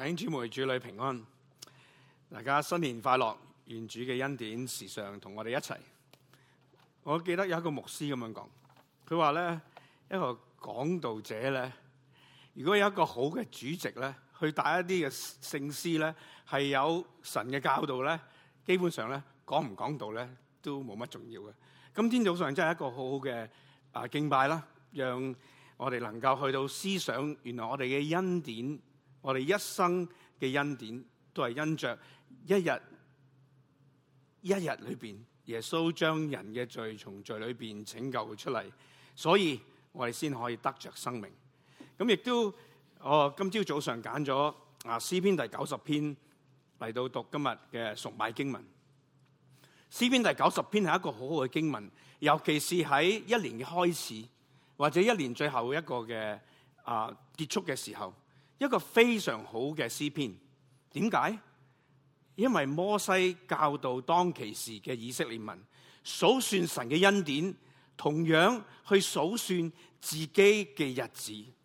弟兄姊妹、主女平安，大家新年快樂！願主嘅恩典時常同我哋一齊。我記得有一個牧師咁樣講，佢話咧一個講道者咧，如果有一個好嘅主席咧，去帶一啲嘅聖詩咧，係有神嘅教導咧，基本上咧講唔講道咧都冇乜重要嘅。今天早上真係一個好好嘅啊敬拜啦，讓我哋能夠去到思想原來我哋嘅恩典。我哋一生嘅恩典都係因着，一日一日裏邊，耶穌將人嘅罪從罪裏邊拯救出嚟，所以我哋先可以得着生命。咁亦都，我今朝早上揀咗啊詩篇第九十篇嚟到讀今日嘅崇拜經文。詩篇第九十篇係一個好好嘅經文，尤其是喺一年嘅開始或者一年最後一個嘅啊結束嘅時候。一個非常好嘅詩篇，點解？因為摩西教導當其時嘅以色列民數算神嘅恩典，同樣去數算自己嘅日子。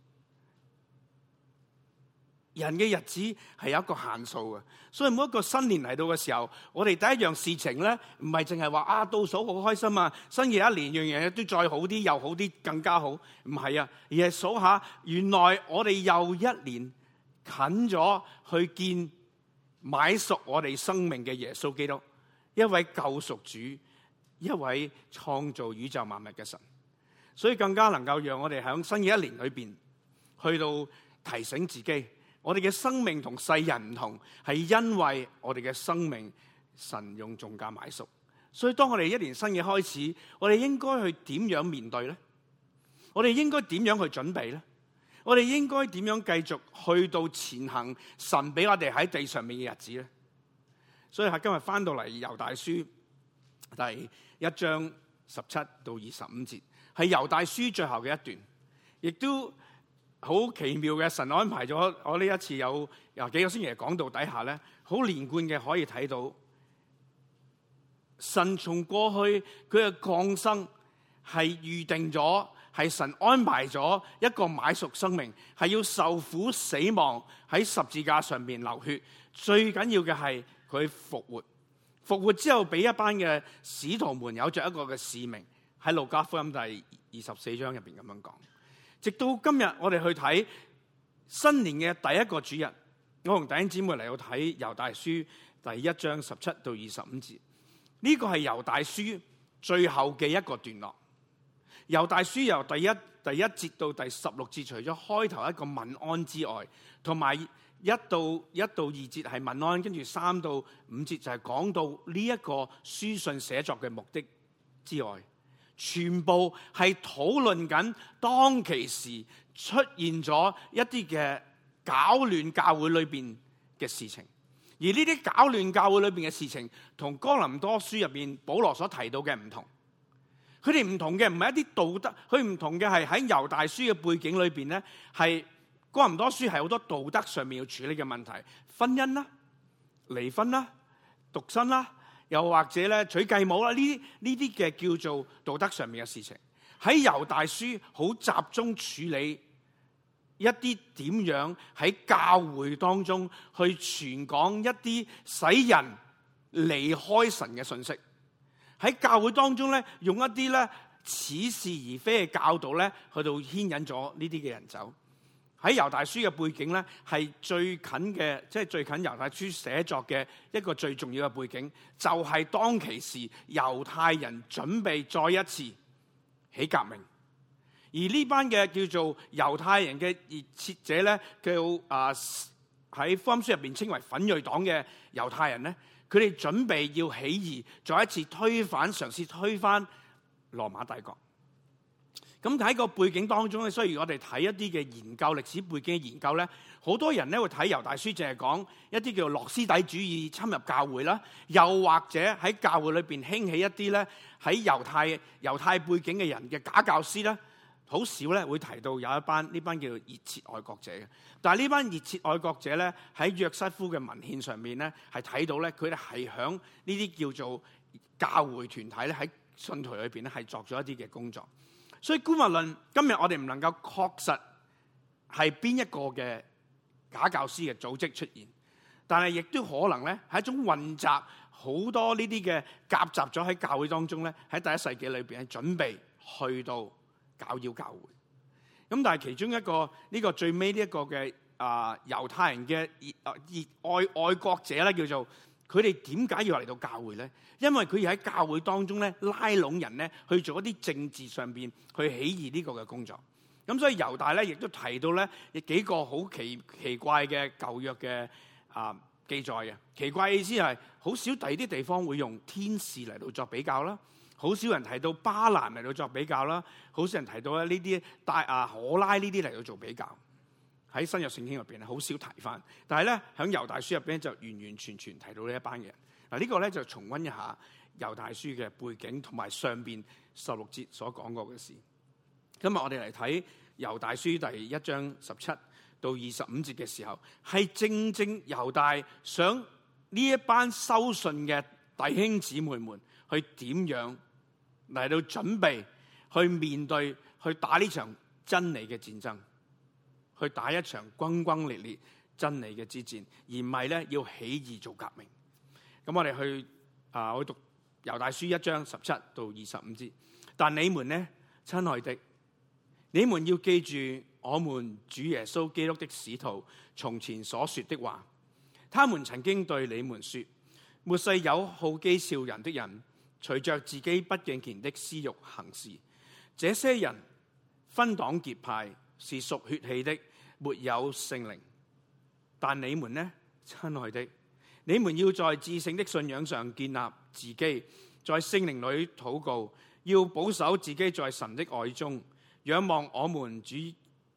人嘅日子係有一個限數嘅，所以每一個新年嚟到嘅時候，我哋第一樣事情咧，唔係淨係話啊倒數好開心啊，新嘅一年樣樣嘢都再好啲，又好啲，更加好，唔係啊，而係數下原來我哋又一年近咗去見買贖我哋生命嘅耶穌基督，一位救贖主，一位創造宇宙萬物嘅神，所以更加能夠讓我哋喺新嘅一年裏邊去到提醒自己。我哋嘅生命同世人唔同，係因為我哋嘅生命神用重價買贖，所以當我哋一年新嘅開始，我哋應該去點樣面對咧？我哋應該點樣去準備咧？我哋應該點樣繼續去到前行神俾我哋喺地上面嘅日子咧？所以今日翻到嚟《猶大書》第一章十七到二十五節，係《猶大書》最後嘅一段，亦都。好奇妙嘅，神安排咗我呢一次有有幾個星期嘅講道底下咧，好連貫嘅可以睇到，神從過去佢嘅降生係預定咗，係神安排咗一個買贖生命，係要受苦死亡喺十字架上面流血，最緊要嘅係佢復活，復活之後俾一班嘅使徒們有着一個嘅使命喺路加福音第二十四章入邊咁樣講。直到今日，我哋去睇新年嘅第一個主日，我同弟兄姊妹嚟到睇《猶大書》第一章十七到二十五節，呢個係猶大書最後嘅一個段落。《猶大書》由第一第一節到第十六節，除咗開頭一個問安之外，同埋一到一到二節係問安，跟住三到五節就係講到呢一個書信寫作嘅目的之外。全部係討論緊當其時出現咗一啲嘅搞亂教會裏邊嘅事情，而呢啲搞亂教會裏邊嘅事情，同哥林多書入邊保羅所提到嘅唔同。佢哋唔同嘅唔係一啲道德，佢唔同嘅係喺猶大書嘅背景裏邊咧，係哥林多書係好多道德上面要處理嘅問題，婚姻啦、啊、離婚啦、啊、獨身啦、啊。又或者咧取繼母啦，呢呢啲嘅叫做道德上面嘅事情，喺猶大書好集中處理一啲點樣喺教會當中去傳講一啲使人離開神嘅信息，喺教會當中咧用一啲咧似是而非嘅教導咧去到牽引咗呢啲嘅人走。喺猶大書嘅背景咧，係最近嘅，即、就、係、是、最近猶大書寫作嘅一個最重要嘅背景，就係、是、當其時猶太人準備再一次起革命，而呢班嘅叫做猶太人嘅熱切者咧，叫啊喺福音書入邊稱為奮銳黨嘅猶太人咧，佢哋準備要起義，再一次推翻、嘗試推翻羅馬帝國。咁喺個背景當中咧，雖然我哋睇一啲嘅研究歷史背景嘅研究咧，好多人咧會睇猶大書，淨係講一啲叫做洛斯底主義侵入教會啦，又或者喺教會裏邊興起一啲咧喺猶太猶太背景嘅人嘅假教師咧，好少咧會提到有一班呢班叫做熱切愛國者嘅。但係呢班熱切愛國者咧喺約瑟夫嘅文獻上面咧係睇到咧，佢哋係響呢啲叫做教會團體咧喺信徒裏邊咧係作咗一啲嘅工作。所以姑勿論今日我哋唔能夠確實係邊一個嘅假教師嘅組織出現，但係亦都可能咧係一種混雜好多呢啲嘅夾雜咗喺教會當中咧喺第一世紀裏邊，準備去到搞擾教會。咁但係其中一個呢、呢個最尾呢一個嘅啊猶太人嘅熱熱愛愛國者咧，叫做。佢哋點解要嚟到教會咧？因為佢要喺教會當中咧拉攏人咧去做一啲政治上邊去起義呢個嘅工作。咁所以猶大咧亦都提到咧，有幾個好奇奇怪嘅舊約嘅啊記載嘅。奇怪嘅意思係好少第二啲地方會用天使嚟到作比較啦，好少人提到巴蘭嚟到作比較啦，好少人提到咧呢啲大啊可拉呢啲嚟到做比較。喺新約聖經入邊咧，好少提返。但係咧，喺猶大書入邊就完完全全提到呢一班嘅人。嗱，呢個咧就重溫一下猶大書嘅背景同埋上邊十六節所講過嘅事。今日我哋嚟睇猶大書第一章十七到二十五節嘅時候，係正正猶大想呢一班收信嘅弟兄姊妹們去點樣嚟到準備去面對去打呢場真理嘅戰爭。去打一場轟轟烈烈真理嘅之戰，而唔係咧要起義做革命。咁我哋去啊，我讀《猶大書》一章十七到二十五節。但你們呢，親愛的，你們要記住我們主耶穌基督的使徒從前所說的話。他們曾經對你們說：末世有好譏笑人的人，隨着自己不敬虔的私欲行事。這些人分黨結派。是屬血氣的，沒有聖靈。但你們呢，親愛的，你們要在至聖的信仰上建立自己，在聖靈裏禱告，要保守自己在神的愛中，仰望我們主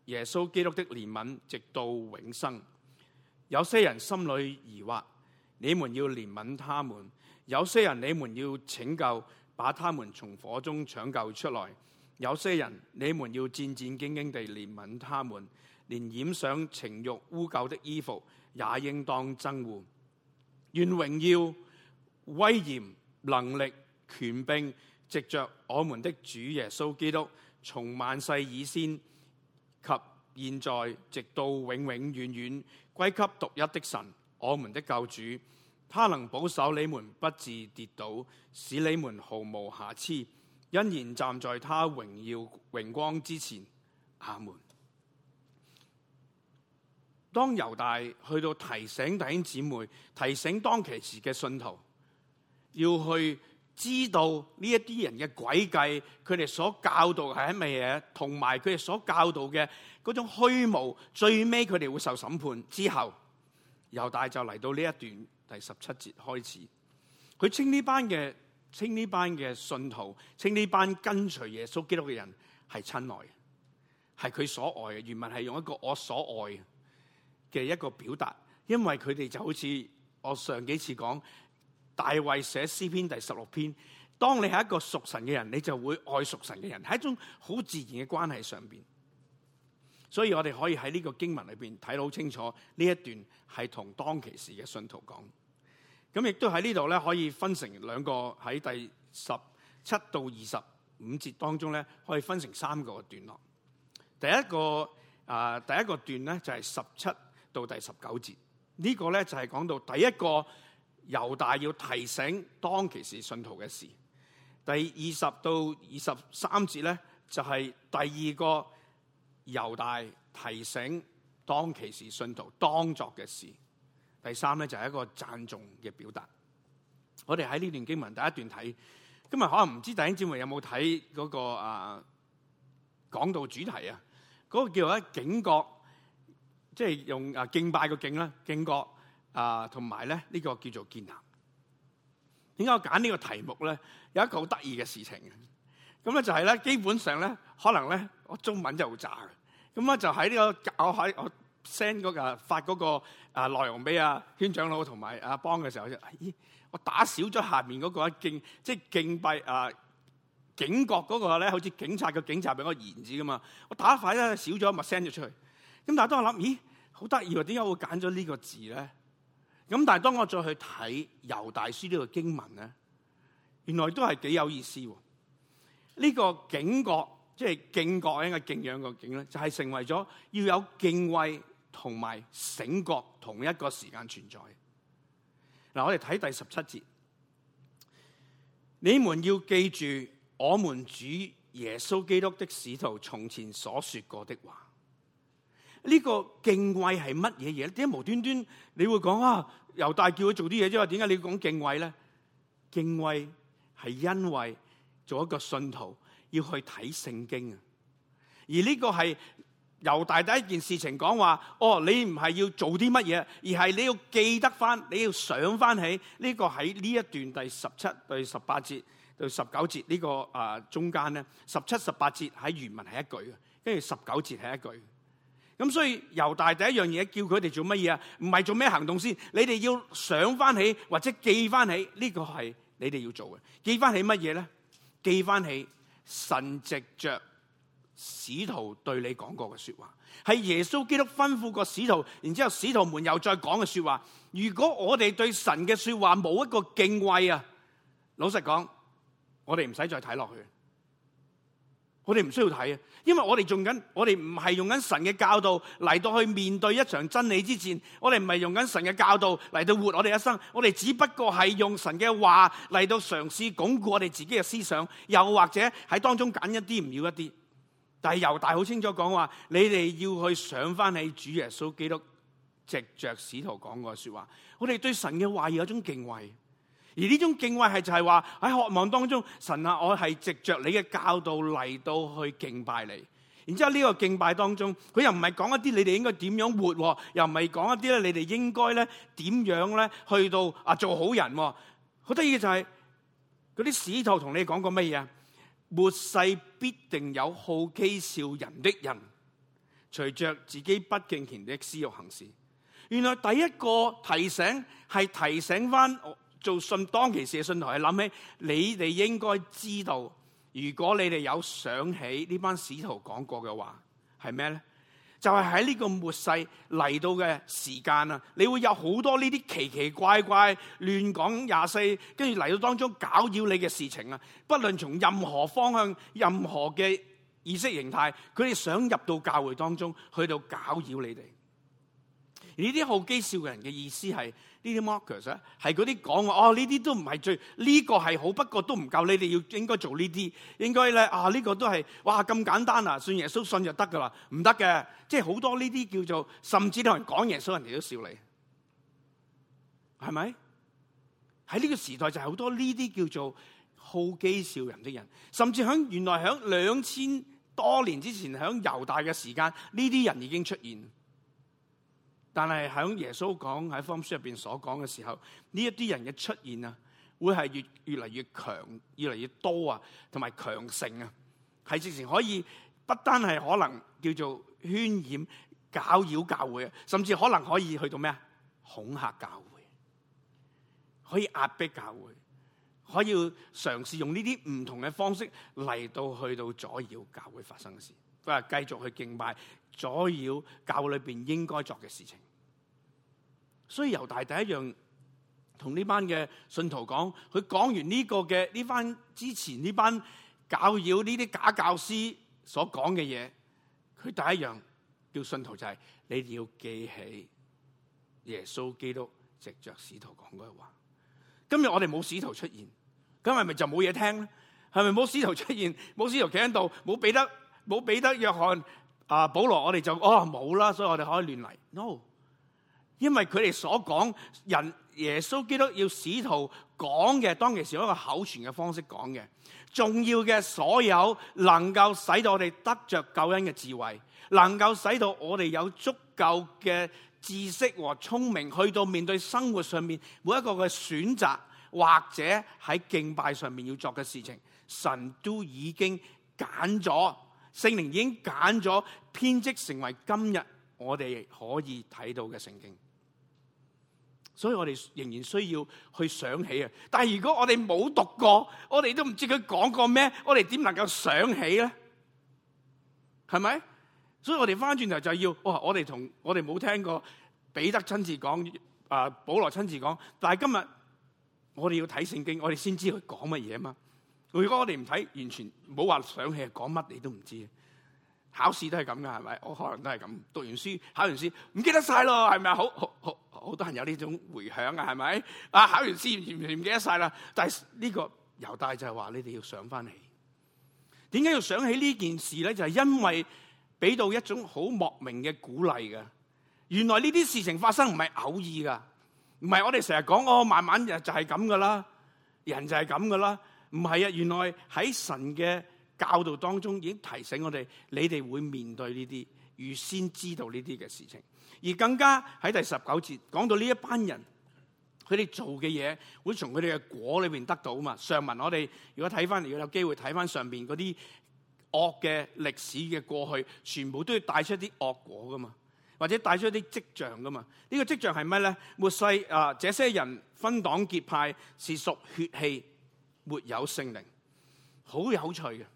耶穌基督的憐憫，直到永生。有些人心裏疑惑，你們要憐憫他們；有些人你們要拯救，把他們從火中搶救出來。有些人，你們要戰戰兢兢地憐憫他們，連染上情慾污垢的衣服也應當憎惡。願榮耀、威嚴、能力、權柄，藉着我們的主耶穌基督，從萬世以先及現在，直到永永遠遠，歸給獨一的神，我們的救主。他能保守你們不致跌倒，使你們毫無瑕疵。欣然站在他榮耀榮光之前，阿門。當猶大去到提醒弟兄姊妹，提醒當其時嘅信徒，要去知道呢一啲人嘅詭計，佢哋所教導係咩嘢，同埋佢哋所教導嘅嗰種虛無，最尾佢哋會受審判之後，猶大就嚟到呢一段第十七節開始，佢稱呢班嘅。稱呢班嘅信徒，稱呢班跟隨耶穌基督嘅人係親愛嘅，係佢所愛嘅。原文係用一個我所愛嘅嘅一個表達，因為佢哋就好似我上幾次講大衛寫詩篇第十六篇。當你係一個屬神嘅人，你就會愛屬神嘅人，係一種好自然嘅關係上邊。所以我哋可以喺呢個經文裏邊睇到清楚，呢一段係同當其時嘅信徒講。咁亦都喺呢度咧，可以分成兩個，喺第十七到二十五節當中咧，可以分成三個段落。第一個啊、呃，第一個段咧就係十七到第十九節，呢個咧就係講到第一個猶大要提醒當其時信徒嘅事。第二十到二十三節咧，就係第二個猶大提醒當其時信徒當作嘅事。第三咧就係、是、一個讚頌嘅表達。我哋喺呢段經文第一段睇，今日可能唔知弟兄姊妹有冇睇嗰個啊講道主題啊，嗰、那個啊啊這個叫做咧敬覺，即係用啊敬拜嘅敬啦，敬覺啊同埋咧呢個叫做建立。點解我揀呢個題目咧？有一個好得意嘅事情嘅，咁咧就係咧基本上咧可能咧我中文就好渣嘅，咁咧就喺呢個我喺我 send 嗰個發嗰個。我我容啊，內容俾啊圈長老同埋阿邦嘅時候，咦，我打少咗下面嗰、那個敬，即係敬拜啊警覺嗰個咧，好似警察嘅警察俾我言之㗎嘛，我打快咧少咗，一咪 send 咗出去。咁但係當我諗，咦，好得意喎，點解我會揀咗呢個字咧？咁但係當我再去睇猶大書呢個經文咧，原來都係幾有意思喎。呢、這個警覺即係敬覺，應該敬仰個警咧，就係、是、成為咗要有敬畏。同埋醒覺同一個時間存在。嗱，我哋睇第十七節，你們要記住我們主耶穌基督的使徒從前所說過的話。呢、呢個敬畏係乜嘢嘢？點解無端端你會講啊？猶大叫佢做啲嘢，即係點解你要講敬畏咧？敬畏係因為做一個信徒要去睇聖經啊，而呢個係。由大第一件事情講話，哦，你唔係要做啲乜嘢，而係你要記得翻，你要想翻起呢個，喺呢一段第十七對十八節到十九節呢個啊中間咧，十七、十八節喺原文係一句，跟住十九節係一句。咁所以猶大第一樣嘢叫佢哋做乜嘢啊？唔係做咩行動先，你哋要想翻起或者記翻起呢個，係你哋要做嘅。記翻起乜嘢咧？記翻起神藉着。使徒對你講過嘅説話，係耶穌基督吩咐過使徒，然之後使徒們又再講嘅説話。如果我哋對神嘅説話冇一個敬畏啊，老實講，我哋唔使再睇落去，我哋唔需要睇啊，因為我哋用緊，我哋唔係用緊神嘅教導嚟到去面對一場真理之戰。我哋唔係用緊神嘅教導嚟到活我哋一生，我哋只不過係用神嘅話嚟到嘗試鞏固我哋自己嘅思想，又或者喺當中揀一啲唔要一啲。但係猶大好清楚講話，你哋要去想翻起主耶穌基督，藉着使徒講過說話。我哋對神嘅懷疑有一種敬畏，而呢種敬畏係就係話喺渴望當中，神啊，我係藉着你嘅教導嚟到去敬拜你。然之後呢個敬拜當中，佢又唔係講一啲你哋應該點樣活，又唔係講一啲咧你哋應該咧點樣咧去到啊做好人。好得意嘅就係，嗰啲使徒同你講過乜嘢？末世必定有好譏誚人的人，隨着自己不敬虔的私欲行事。原來第一個提醒係提醒翻做信當其時嘅信徒，係諗起你哋應該知道，如果你哋有想起呢班使徒講過嘅話，係咩咧？就係喺呢個末世嚟到嘅時間啊，你會有好多呢啲奇奇怪怪、亂講廿四，跟住嚟到當中搞擾你嘅事情啊！不論從任何方向、任何嘅意識形態，佢哋想入到教會當中去到搞擾你哋。呢啲好譏誚人嘅意思係。呢啲 markers 咧，係嗰啲講話哦，呢啲都唔係最呢、這個係好，不過都唔夠。你哋要應該做呢啲，應該咧啊呢、這個都係哇咁簡單啊，信耶穌信就得㗎喇，唔得嘅，即係好多呢啲叫做甚至有人講耶穌，人哋都笑你，係咪？喺呢個時代就係好多呢啲叫做好譏笑人的人，甚至響原來響兩千多年之前響猶大嘅時間，呢啲人已經出現。但係響耶穌講，喺《福音書》入邊所講嘅時候，呢一啲人嘅出現啊，會係越越嚟越強，越嚟越多啊，同埋強盛啊，係直情可以不單係可能叫做渲染、搞擾教會啊，甚至可能可以去到咩啊？恐吓教會，可以壓迫教會，可以嘗試用呢啲唔同嘅方式嚟到去到阻擾教會發生嘅事，佢話繼續去敬拜，阻擾教會裏邊應該做嘅事情。所以，猶大第一樣同呢班嘅信徒講，佢講完呢個嘅呢班之前呢班教擾呢啲假教師所講嘅嘢，佢第一樣叫信徒就係、是、你哋要記起耶穌基督藉著使徒講嗰句話，今日我哋冇使徒出現，咁係咪就冇嘢聽咧？係咪冇使徒出現冇使徒企喺度，冇彼得，冇彼得、約翰、啊、保羅我哋就哦冇啦，所以我哋可以亂嚟？No。因為佢哋所講人耶穌基督要使徒講嘅，當其時用一個口傳嘅方式講嘅，重要嘅所有能夠使到我哋得着救恩嘅智慧，能夠使到我哋有足夠嘅知識和聰明，去到面對生活上面每一個嘅選擇，或者喺敬拜上面要做嘅事情，神都已經揀咗，聖靈已經揀咗，編織成為今日我哋可以睇到嘅聖經。所以我哋仍然需要去想起啊！但係如果我哋冇讀過，我哋都唔知佢講過咩，我哋點能夠想起咧？係咪？所以我哋翻轉頭就要，哦、我哋同，我哋冇聽過彼得親自講啊、呃，保羅親自講，但係今日我哋要睇聖經，我哋先知佢講乜嘢啊嘛！如果我哋唔睇，完全冇話想起，講乜，你都唔知。考試都係咁噶係咪？我可能都係咁，讀完書，考完試，唔記得晒咯，係咪？好好好，好多人有呢種回響啊，係咪？啊，考完試唔唔唔記得晒啦。但係呢、這個猶大就係話你哋要想翻起，點解要想起呢件事咧？就係、是、因為俾到一種好莫名嘅鼓勵嘅。原來呢啲事情發生唔係偶爾噶，唔係我哋成日講我慢慢人就係咁噶啦，人就係咁噶啦。唔係啊，原來喺神嘅。教導當中已經提醒我哋，你哋會面對呢啲，預先知道呢啲嘅事情。而更加喺第十九節講到呢一班人，佢哋做嘅嘢會從佢哋嘅果裏面得到啊嘛。上文我哋如果睇翻嚟，如果有機會睇翻上面嗰啲惡嘅歷史嘅過去，全部都要帶出啲惡果噶嘛，或者帶出一啲跡象噶嘛。呢、這個跡象係乜咧？末世啊，這些人分黨結派，是屬血氣，沒有聖靈。好有趣嘅～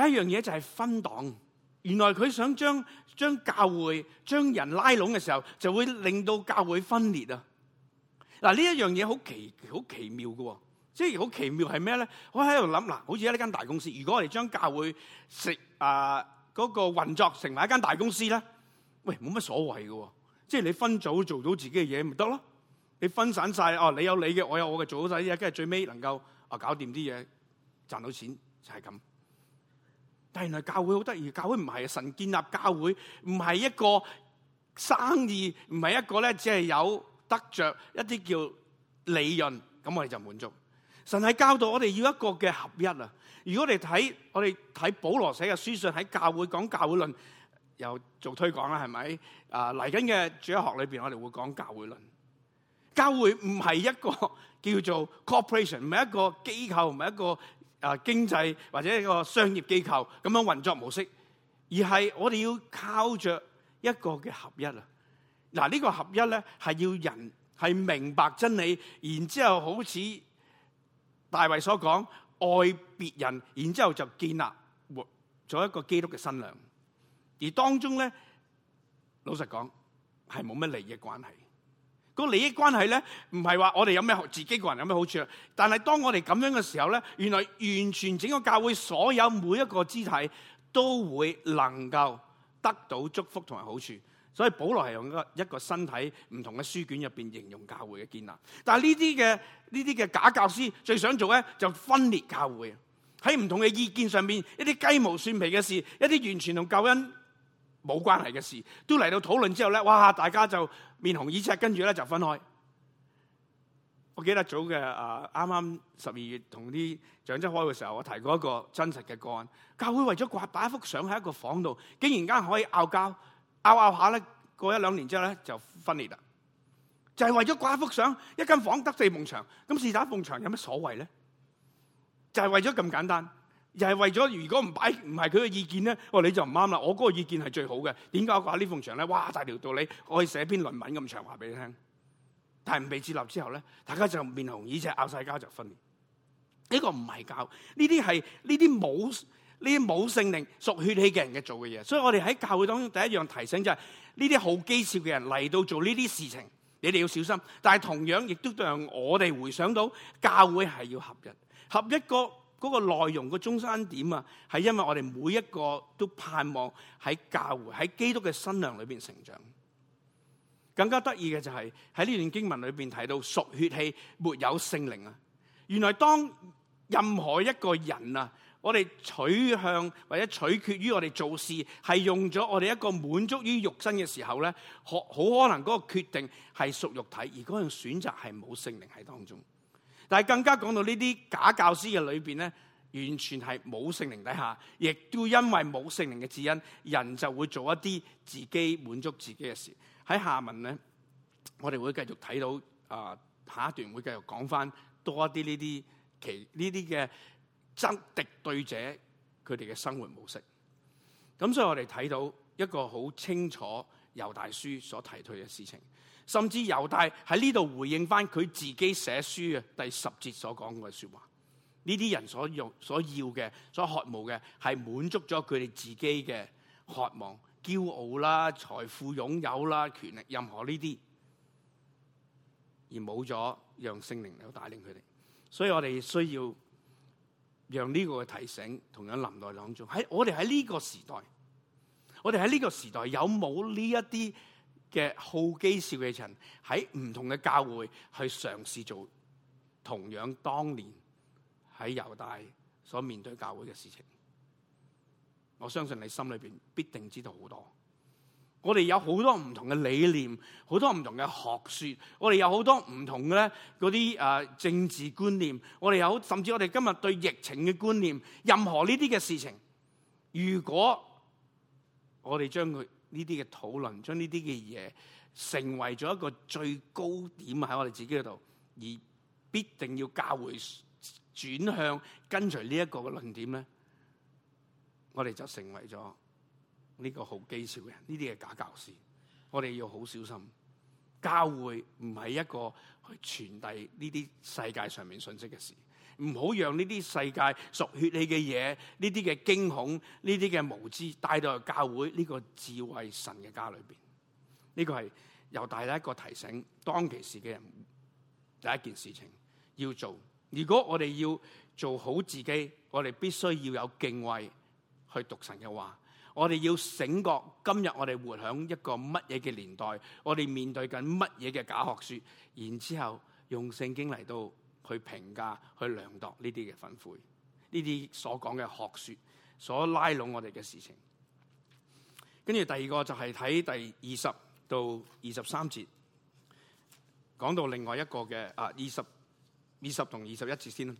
有一樣嘢就係分黨，原來佢想將將教會將人拉攏嘅時候，就會令到教會分裂啊！嗱，呢一樣嘢好奇好奇妙嘅，即係好奇妙係咩咧？我喺度諗嗱，好似呢間大公司，如果我哋將教會食啊嗰、呃嗰個運作成為一間大公司咧，喂，冇乜所謂嘅，即係你分組做到自己嘅嘢咪得咯？你分散晒，哦，你有你嘅，我有我嘅，做好晒啲嘢，跟住最尾能夠啊搞掂啲嘢，賺到錢就係咁。但原來教會好得意，教會唔係神建立教會，唔係一個生意，唔係一個咧，只係有得着一啲叫利潤，咁我哋就滿足。神係教導我哋要一個嘅合一啊！如果我哋睇我哋睇保羅寫嘅書信，喺教會講教會論又做推廣啦，係咪？啊，嚟緊嘅主學裏邊，我哋會講教會論。教會唔係一個叫做 corporation，唔係一個機構，唔係一個。啊，經濟或者一個商業機構咁樣運作模式，而係我哋要靠着一個嘅合一啊！嗱，呢個合一咧係要人係明白真理，然之後好似大衛所講，愛別人，然之後就建立活做一個基督嘅新娘。而當中咧，老實講係冇乜利益關係。個利益關係咧，唔係話我哋有咩自己個人有咩好處，但係當我哋咁樣嘅時候咧，原來完全整個教會所有每一個肢體都會能夠得到祝福同埋好處。所以保羅係用一個一個身體唔同嘅書卷入邊形容教會嘅建立。但係呢啲嘅呢啲嘅假教師最想做咧，就分裂教會喺唔同嘅意見上面，一啲雞毛蒜皮嘅事，一啲完全同救恩冇關係嘅事，都嚟到討論之後咧，哇！大家就面紅耳赤，跟住咧就分開。我記得早嘅啊，啱啱十二月同啲長者開嘅時候，我提過一個真實嘅個案，教會為咗掛擺一幅相喺一個房度，竟然間可以拗交拗，拗下咧，過一兩年之後咧就分裂啦，就係為咗掛一幅相，一間房得四埲牆，咁四打埲牆有乜所謂咧？就係為咗咁簡單。又係為咗如果唔擺唔係佢嘅意見咧，我你就唔啱啦。我嗰個意見係最好嘅。點解我掛呢埲牆咧？哇，大條道理，我可以寫篇論文咁長話俾你聽。但係唔被接納之後咧，大家就面紅耳赤，拗曬交就分裂。呢個唔係教，呢啲係呢啲冇呢啲冇聖靈屬血氣嘅人嘅做嘅嘢。所以我哋喺教會當中第一樣提醒就係呢啲好譏誚嘅人嚟到做呢啲事情，你哋要小心。但係同樣亦都讓我哋回想到教會係要合一，合一個。嗰、那個內容嘅中心點啊，係因為我哋每一個都盼望喺教會，喺基督嘅新娘裏邊成長。更加得意嘅就係喺呢段經文裏邊提到，屬血氣沒有聖靈啊。原來當任何一個人啊，我哋取向或者取決於我哋做事係用咗我哋一個滿足於肉身嘅時候咧，好好可能嗰個決定係屬肉體，而嗰樣選擇係冇聖靈喺當中。但係更加講到呢啲假教師嘅裏邊咧，完全係冇聖靈底下，亦都因為冇聖靈嘅指引，人就會做一啲自己滿足自己嘅事。喺下文咧，我哋會繼續睇到啊、呃，下一段會繼續講翻多一啲呢啲其呢啲嘅真敵對者佢哋嘅生活模式。咁所以我哋睇到一個好清楚，猶大書所提到嘅事情。甚至猶大喺呢度回應返佢自己寫書嘅第十節所講嘅説話，呢啲人所用所要嘅所渴慕嘅係滿足咗佢哋自己嘅渴望，驕傲啦、財富擁有啦、權力任何呢啲，而冇咗讓聖靈嚟到帶領佢哋，所以我哋需要讓呢個嘅提醒同樣臨在當中。喺我哋喺呢個時代，我哋喺呢個時代有冇呢一啲？嘅好基少嘅人喺唔同嘅教會去嘗試做同樣當年喺猶大所面對教會嘅事情，我相信你心裏邊必定知道好多。我哋有好多唔同嘅理念，好多唔同嘅學說，我哋有好多唔同嘅咧嗰啲誒政治觀念，我哋有甚至我哋今日對疫情嘅觀念，任何呢啲嘅事情，如果我哋將佢。呢啲嘅討論將呢啲嘅嘢，成為咗一個最高點喺我哋自己度，而必定要教會轉向跟隨呢一個嘅論點咧，我哋就成為咗呢個好譏誚嘅人，呢啲嘅假教師，我哋要好小心。教會唔係一個去傳遞呢啲世界上面信息嘅事。唔好讓呢啲世界屬血氣嘅嘢，呢啲嘅驚恐，呢啲嘅無知，帶到去教會呢個智慧神嘅家裏邊。呢個係由大家一個提醒，當其時嘅人第一件事情要做。如果我哋要做好自己，我哋必須要有敬畏去讀神嘅話，我哋要醒覺今日我哋活響一個乜嘢嘅年代，我哋面對緊乜嘢嘅假學說，然之後用聖經嚟到。去評價、去量度呢啲嘅粉灰，呢啲所講嘅學說，所拉攏我哋嘅事情。跟住第二個就係睇第二十到二十三節，講到另外一個嘅啊二十、二十同二十一節先啦。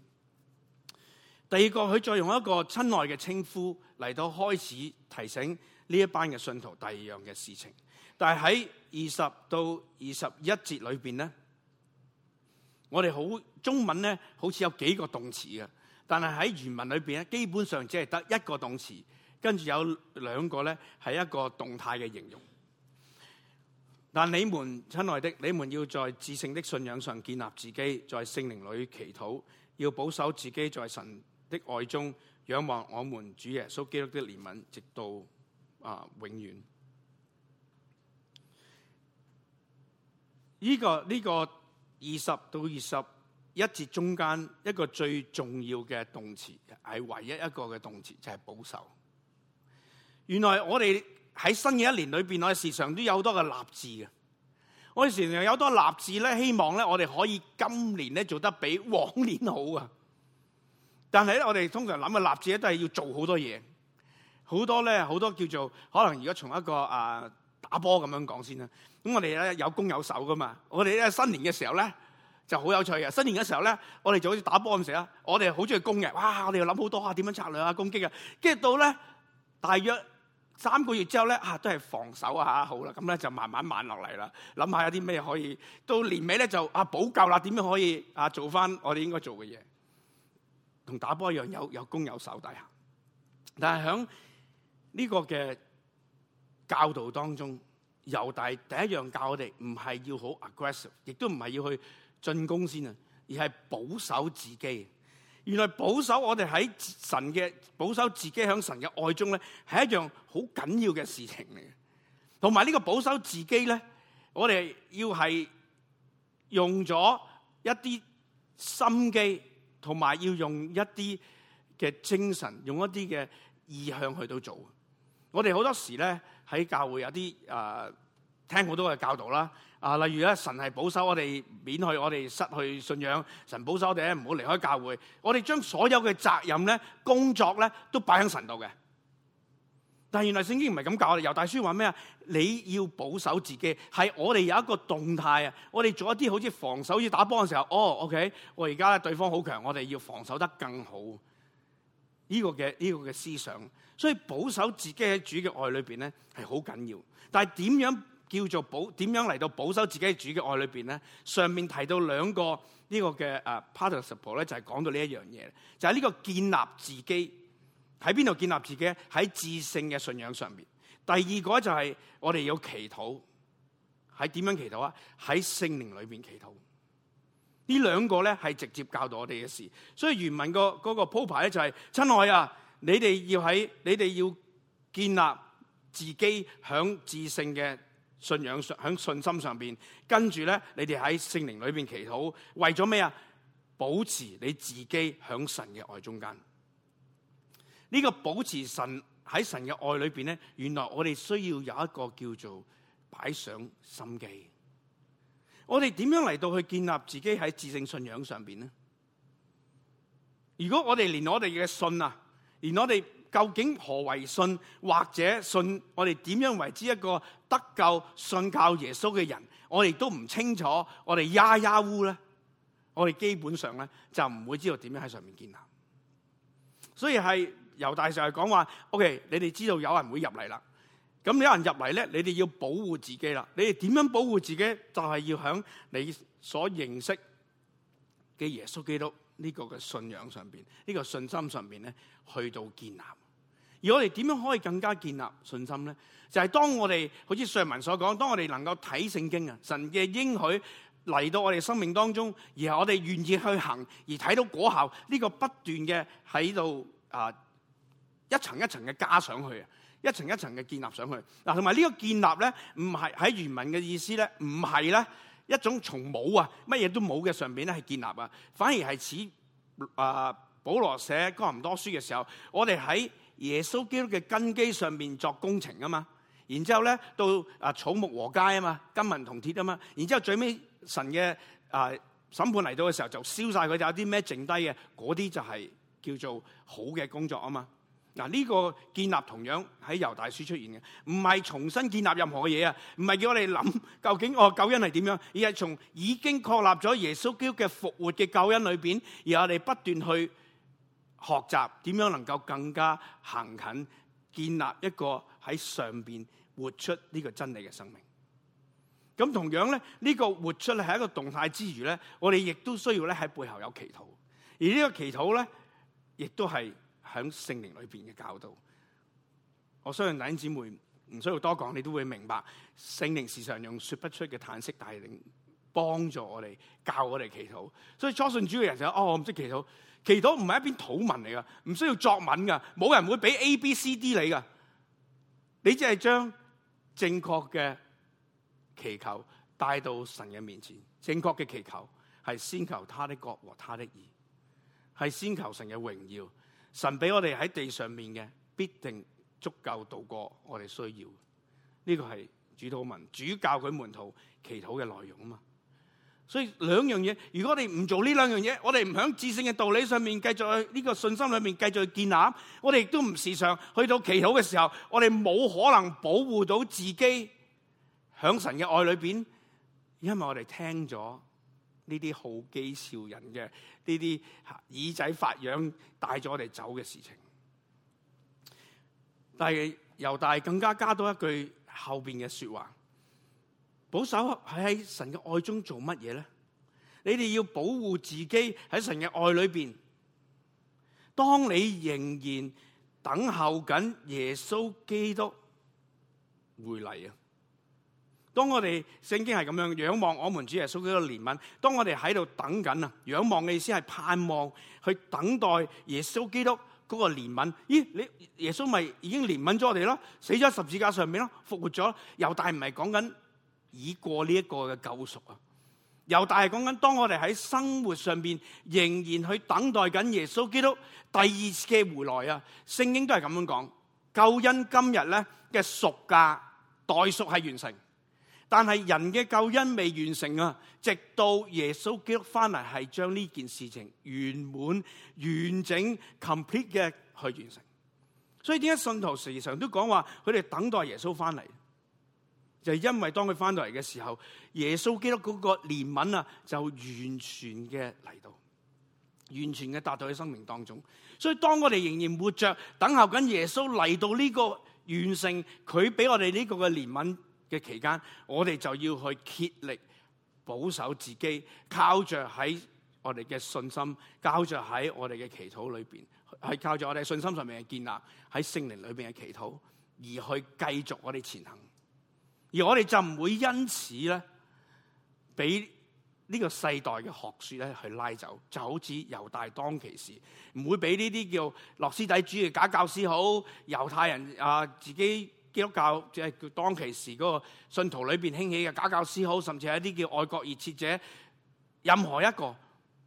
第二個佢再用一個親愛嘅稱呼嚟到開始提醒呢一班嘅信徒第二樣嘅事情，但係喺二十到二十一節裏邊呢。我哋好中文咧，好似有幾個動詞嘅，但係喺原文裏面，基本上只係得一個動詞，跟住有兩個咧，係一個動態嘅形容。但你們親愛的，你們要在至聖的信仰上建立自己，在聖靈裏祈禱，要保守自己在神的愛中，仰望我們主耶穌基督的憐憫，直到啊永遠。呢個呢個。這個二十到二十一節中間，一個最重要嘅動詞係唯一一個嘅動詞就係保守。原來我哋喺新嘅一年裏邊，我哋時常都有好多嘅立志，我哋時常有好多立志咧，希望咧我哋可以今年咧做得比往年好啊！但係咧，我哋通常諗嘅立志咧，都係要做好多嘢，好多咧，好多叫做可能而家從一個啊。打波咁樣講先啦，咁我哋咧有攻有守噶嘛，我哋咧新年嘅時候咧就好有趣嘅，新年嘅時候咧我哋就好似打波咁時啊，我哋好中意攻嘅，哇！我哋又諗好多啊，點樣策略啊，攻擊啊，跟住到咧大約三個月之後咧啊，都係防守啊，好啦，咁咧就慢慢慢落嚟啦，諗下有啲咩可以，到年尾咧就啊補救啦，點樣可以啊做翻我哋應該做嘅嘢，同打波一樣有有攻有守底下，但係響呢個嘅。教導當中，猶大第一樣教我哋唔係要好 aggressive，亦都唔係要去進攻先啊，而係保守自己。原來保守我哋喺神嘅保守自己喺神嘅愛中咧，係一樣好緊要嘅事情嚟嘅。同埋呢個保守自己咧，我哋要係用咗一啲心機，同埋要用一啲嘅精神，用一啲嘅意向去到做。我哋好多時咧。喺教會有啲誒、呃、聽好多嘅教導啦，啊，例如咧，神係保守我哋免去我哋失去信仰，神保守我哋咧，唔好離開教會，我哋將所有嘅責任咧工作咧都擺喺神度嘅。但係原來聖經唔係咁教我哋，猶大書話咩啊？你要保守自己，係我哋有一個動態啊！我哋做一啲好似防守要打波嘅時候，哦、oh，OK，我而家咧對方好強，我哋要防守得更好。呢、這個嘅呢、這個嘅思想，所以保守自己喺主嘅愛裏邊咧係好緊要。但係點樣叫做保？點樣嚟到保守自己喺主嘅愛裏邊咧？上面提到兩個呢個嘅啊 participle 咧就係講到呢一樣嘢，就係、是、呢個建立自己喺邊度建立自己喺至聖嘅信仰上面。第二個就係我哋要祈禱，喺點樣祈禱啊？喺聖靈裏邊祈禱。呢兩個咧係直接教導我哋嘅事，所以原文個嗰個鋪排咧就係：親愛啊，你哋要喺你哋要建立自己響至聖嘅信仰上，響信心上邊，跟住咧你哋喺聖靈裏邊祈禱，為咗咩啊？保持你自己響神嘅愛中間。呢、這個保持神喺神嘅愛裏邊咧，原來我哋需要有一個叫做擺上心機。我哋點樣嚟到去建立自己喺自性信仰上邊呢？如果我哋連我哋嘅信啊，連我哋究竟何為信，或者信我哋點樣為之一個得救信教耶穌嘅人，我哋都唔清楚，我哋呀呀烏咧，我哋基本上咧就唔會知道點樣喺上面建立。所以係猶大就係講話：OK，你哋知道有人會入嚟啦。咁你有人入嚟咧，你哋要保護自己啦。你哋點樣保護自己？就係要響你所認識嘅耶穌基督呢個嘅信仰上邊，呢個信心上邊咧，去到建立。而我哋點樣可以更加建立信心咧？就係當我哋好似上文所講，當我哋能夠睇聖經啊，神嘅應許嚟到我哋生命當中，而我哋願意去行，而睇到果效，呢個不斷嘅喺度啊一層一層嘅加上去。一層一層嘅建立上去嗱，同埋呢個建立咧，唔係喺原文嘅意思咧，唔係咧一種從冇啊，乜嘢都冇嘅上面咧係建立啊，反而係似啊保羅寫哥林多書嘅時候，我哋喺耶穌基督嘅根基上面作工程啊嘛，然之後咧到啊草木和街啊嘛，金銀銅鐵啊嘛，然之後最尾神嘅啊、呃、審判嚟到嘅時候就燒晒佢，有啲咩剩低嘅嗰啲就係、是、叫做好嘅工作啊嘛。嗱、這、呢個建立同樣喺《猶大書》出現嘅，唔係重新建立任何嘅嘢啊，唔係叫我哋諗究竟哦，救恩係點樣？而係從已經確立咗耶穌基督嘅復活嘅救恩裏邊，而我哋不斷去學習點樣能夠更加行近，建立一個喺上邊活出呢個真理嘅生命。咁同樣咧，呢、這個活出係一個動態之餘咧，我哋亦都需要咧喺背後有祈禱，而呢個祈禱咧，亦都係。喺聖靈裏邊嘅教導，我相信弟兄姊妹唔需要多講，你都會明白聖靈時常用說不出嘅嘆息帶領幫助我哋教我哋祈禱。所以初信主嘅人就說哦，我唔識祈禱，祈禱唔係一篇禱文嚟噶，唔需要作文噶，冇人會俾 A、B、C、D 你噶，你只係將正確嘅祈求帶到神嘅面前，正確嘅祈求係先求他的國和他的義，係先求神嘅榮耀。神俾我哋喺地上面嘅，必定足夠度過我哋需要。呢、這個係主禱文，主教佢門徒祈禱嘅內容啊嘛。所以兩樣嘢，如果我哋唔做呢兩樣嘢，我哋唔響至聖嘅道理上面繼續去呢、這個信心裏面繼續去建立，我哋亦都唔時常去到祈禱嘅時候，我哋冇可能保護到自己響神嘅愛裏邊，因為我哋聽咗。呢啲好譏笑人嘅、呢啲耳仔發癢帶咗我哋走嘅事情。但係猶大更加加多一句後邊嘅說話：保守係喺神嘅愛中做乜嘢咧？你哋要保護自己喺神嘅愛裏邊，當你仍然等候緊耶穌基督回嚟啊！當我哋聖經係咁樣仰望，我們主耶穌基督嘅憐憫。當我哋喺度等緊啊，仰望嘅意思係盼望去等待耶穌基督嗰個憐憫。咦，你耶穌咪已經憐憫咗我哋咯？死咗十字架上面咯，復活咗。猶大唔係講緊已過呢一個嘅救贖啊，猶大係講緊當我哋喺生活上邊仍然去等待緊耶穌基督第二次嘅回來啊。聖經都係咁樣講，救恩今日咧嘅贖價代贖係完成。但係人嘅救恩未完成啊！直到耶穌基督翻嚟，係將呢件事情圓滿完整 complete 嘅去完成。所以點解信徒時常都講話佢哋等待耶穌翻嚟？就係因為當佢翻到嚟嘅時候，耶穌基督嗰個憐憫啊，就完全嘅嚟到，完全嘅達到喺生命當中。所以當我哋仍然活着等候緊耶穌嚟到呢個完成，佢俾我哋呢個嘅憐憫。嘅期間，我哋就要去竭力保守自己，靠着喺我哋嘅信心，靠着喺我哋嘅祈禱裏邊，係靠住我哋信心上面嘅建立，喺聖靈裏邊嘅祈禱，而去繼續我哋前行。而我哋就唔會因此咧，俾呢個世代嘅學説咧去拉走，就好似猶大當其時，唔會俾呢啲叫諾斯底主義的假教師好猶太人啊自己。基督教即係、就是、當其時嗰個信徒裏邊興起嘅假教師，好甚至係一啲叫愛國熱切者，任何一個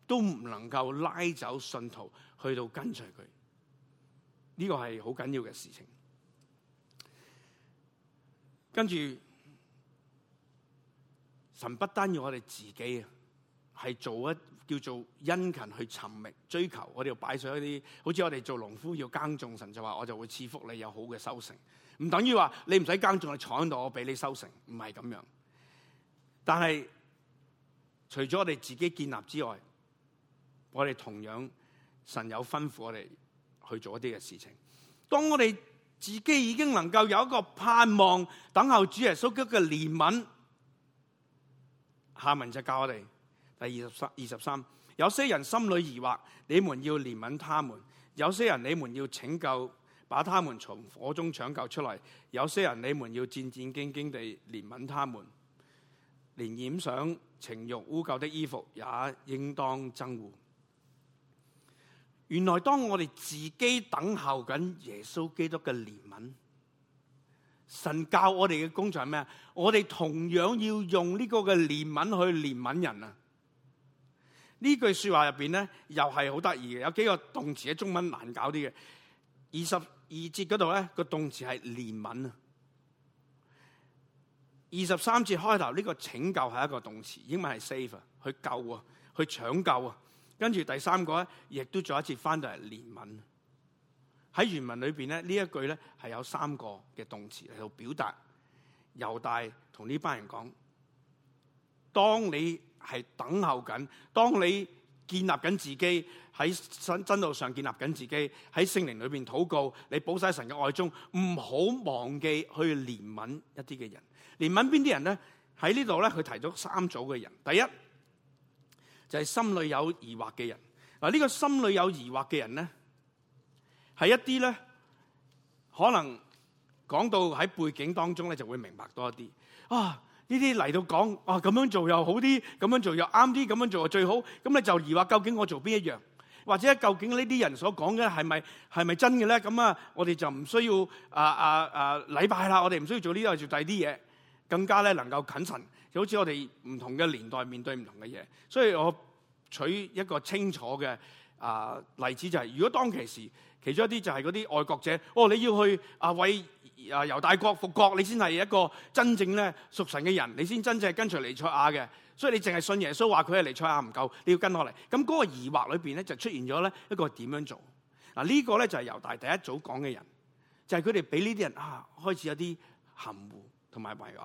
都唔能夠拉走信徒去到跟隨佢。呢個係好緊要嘅事情。跟住神不單要我哋自己係做一。叫做殷勤去尋覓、追求，我哋要擺上一啲，好似我哋做農夫要耕種，神就話我就會賜福你有好嘅收成，唔等於話你唔使耕種，你坐喺度我俾你收成，唔係咁樣。但係除咗我哋自己建立之外，我哋同樣神有吩咐我哋去做一啲嘅事情。當我哋自己已經能夠有一個盼望，等候主耶穌嘅憐憫，下文就教我哋。第二十三，二十三。有些人心裏疑惑，你們要憐憫他們；有些人你們要拯救，把他們從火中搶救出來；有些人你們要戰戰兢兢地憐憫他們，連染上情欲污垢的衣服也應當憎惡。原來當我哋自己等候緊耶穌基督嘅憐憫，神教我哋嘅工作係咩？我哋同樣要用呢個嘅憐憫去憐憫人啊！這句裏面呢句説話入邊咧，又係好得意嘅。有幾個動詞喺中文難搞啲嘅。二十二節嗰度咧，個動詞係憐憫啊。二十三節開頭呢、呢個拯救係一個動詞，英文係 save 啊，去救啊，去搶救啊。跟住第三個咧，亦都再一次翻到嚟憐憫。喺原文裏邊咧，呢一句咧係有三個嘅動詞喺度表達猶大同呢班人講：當你。係等候緊。當你建立緊自己喺真道上建立緊自己，喺聖靈裏邊禱告，你保守神嘅愛中唔好忘記去憐憫一啲嘅人。憐憫邊啲人咧？喺呢度咧，佢提咗三組嘅人。第一就係心裏有疑惑嘅人。嗱，呢個心裏有疑惑嘅人咧，係一啲咧可能講到喺背景當中咧就會明白多一啲啊。呢啲嚟到講啊，咁樣做又好啲，咁樣做又啱啲，咁樣做又最好。咁你就疑惑，究竟我做邊一樣，或者究竟呢啲人所講嘅係咪係咪真嘅咧？咁啊，我哋就唔需要啊啊啊禮拜啦，我哋唔需要做呢樣做第二啲嘢，更加咧能夠謹慎。就好似我哋唔同嘅年代面對唔同嘅嘢，所以我取一個清楚嘅啊例子就係，如果當其時。其中一啲就係嗰啲愛國者，哦，你要去啊為啊猶大國復國，你先係一個真正咧屬神嘅人，你先真正跟隨彌賽亞嘅。所以你淨係信耶穌話佢係彌賽亞唔夠，你要跟落嚟。咁嗰個疑惑裏邊咧就出現咗咧一個點樣做嗱？啊這個、呢個咧就係、是、猶大第一組講嘅人，就係佢哋俾呢啲人啊開始有啲含糊同埋迷惑。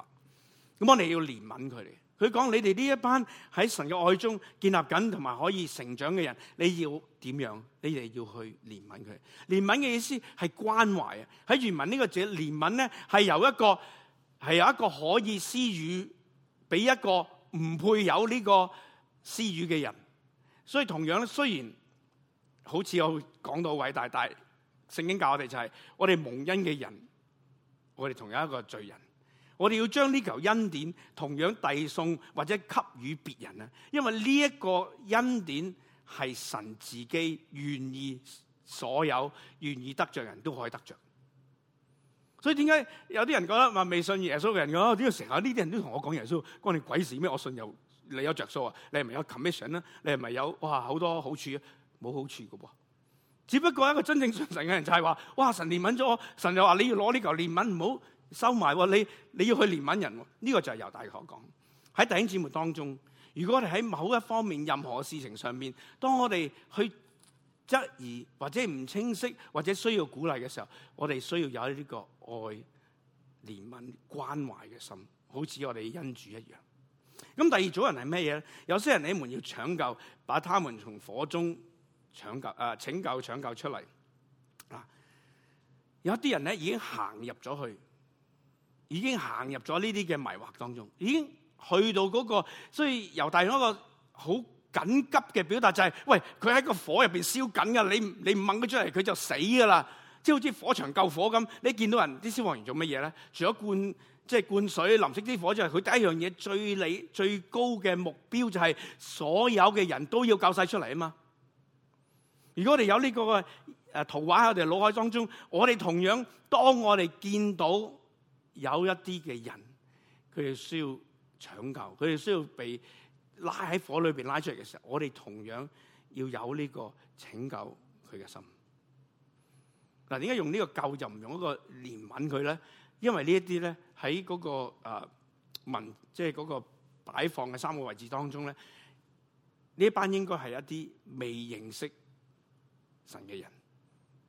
咁我哋要憐憫佢哋。佢講：你哋呢一班喺神嘅愛中建立緊同埋可以成長嘅人，你要點樣？你哋要去憐憫佢。憐憫嘅意思係關懷啊！喺原文呢個字憐憫咧，係由一個係有一個可以施予俾一個唔配有呢個施予嘅人。所以同樣咧，雖然好似我講到好偉大，但係聖經教我哋就係：我哋蒙恩嘅人，我哋同樣一個罪人。我哋要將呢嚿恩典同樣遞送或者給予別人啊，因為呢一個恩典係神自己願意，所有願意得著人都可以得着。所以點解有啲人覺得話未信耶穌嘅人嘅，點解成日呢啲人都同我講耶穌？關你鬼事咩？我信有，你有着數啊？你係咪有 commission 啊？你係咪有哇好多好處啊？冇好處嘅噃。只不過一個真正信神嘅人就係話：哇！神憐憫咗我，神又話你要攞呢嚿憐憫，唔好。收埋你，你要去憐憫人，呢、這個就係猶大書講喺弟兄姊妹當中。如果我哋喺某一方面任何事情上面，當我哋去質疑或者唔清晰，或者需要鼓勵嘅時候，我哋需要有呢個愛憐憫關懷嘅心，好似我哋嘅恩主一樣。咁第二組人係咩嘢咧？有些人你們要搶救，把他們從火中搶救啊、呃，拯救搶救出嚟啊！有啲人咧已經行入咗去了。已經行入咗呢啲嘅迷惑當中，已經去到嗰個，所以猶大用一個好緊急嘅表達就係：喂，佢喺個火入邊燒緊㗎，你你唔掹佢出嚟，佢就死㗎啦。即係好似火場救火咁，你見到人啲消防員做乜嘢咧？除咗灌即係灌水，淋熄啲火之外，佢第一樣嘢最理最高嘅目標就係所有嘅人都要救曬出嚟啊嘛！如果我哋有呢個嘅誒圖畫喺我哋腦海當中，我哋同樣當我哋見到。有一啲嘅人，佢哋需要搶救，佢哋需要被拉喺火裏邊拉出嚟嘅時候，我哋同樣要有呢個拯救佢嘅心。嗱、啊，點解用呢個救就唔用一個憐憫佢咧？因為這些呢一啲咧喺嗰個誒、呃、文，即係嗰個擺放嘅三個位置當中咧，呢一班應該係一啲未認識神嘅人，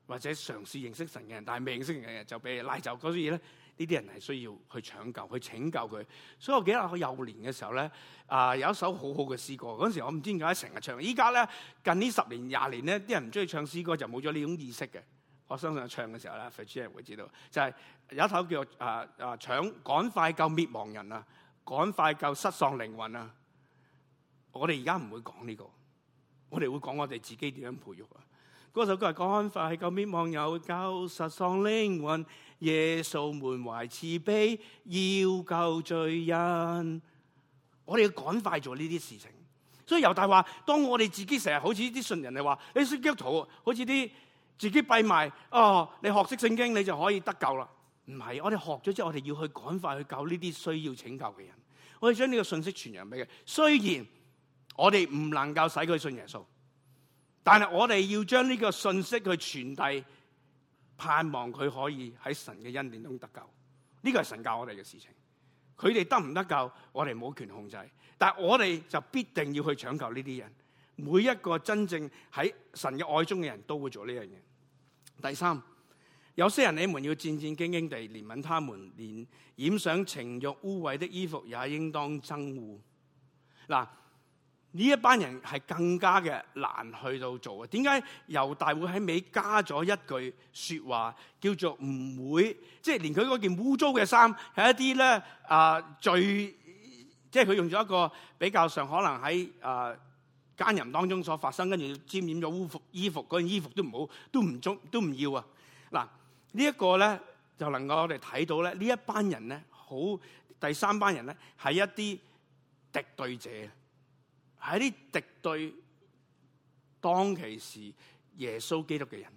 或者嘗試認識神嘅人，但係未認識嘅人就俾你拉走嗰啲嘢咧。呢啲人係需要去搶救，去拯救佢。所以我記得我幼年嘅時候咧，啊、呃、有一首好好嘅詩歌。嗰陣時我唔知點解成日唱。依家咧近呢十年廿年咧，啲人唔中意唱詩歌就冇咗呢種意識嘅。我相信我唱嘅時候咧，肥處會知道，就係、是、有一首叫啊啊搶，趕、呃呃、快救滅亡人啊，趕快救失喪靈魂啊。我哋而家唔會講呢、這個，我哋會講我哋自己點樣培育啊。首歌係話：趕快救滅亡友，救失喪靈魂。耶穌滿懷慈悲，要救罪人。我哋要趕快做呢啲事情。所以猶大話，當我哋自己成日好似啲信人嚟話，你識基督徒，好似啲自己閉埋，哦，你學識聖經，你就可以得救啦。唔係，我哋學咗之後，我哋要去趕快去救呢啲需要拯救嘅人。我哋將呢個信息傳揚俾佢。雖然我哋唔能夠使佢信耶穌，但係我哋要將呢個信息去傳遞。盼望佢可以喺神嘅恩典中得救，呢、這個係神教我哋嘅事情。佢哋得唔得救，我哋冇權控制。但係我哋就必定要去搶救呢啲人。每一個真正喺神嘅愛中嘅人都會做呢樣嘢。第三，有些人你們要戰戰兢兢地憐憫他們，連染上情欲污穢的衣服也應當憎惡。嗱。呢一班人係更加嘅難去到做啊！點解猶大會喺尾加咗一句説話，叫做唔會即係連佢嗰件污糟嘅衫係一啲咧啊，最即係佢用咗一個比較上可能喺啊奸人當中所發生，跟住沾染咗污服衣服嗰件衣服都唔好，都唔中都唔要啊！嗱、這個，呢一個咧就能夠我哋睇到咧，呢一班人咧好第三班人咧係一啲敵對者。喺啲敵對當其時耶穌基督嘅人，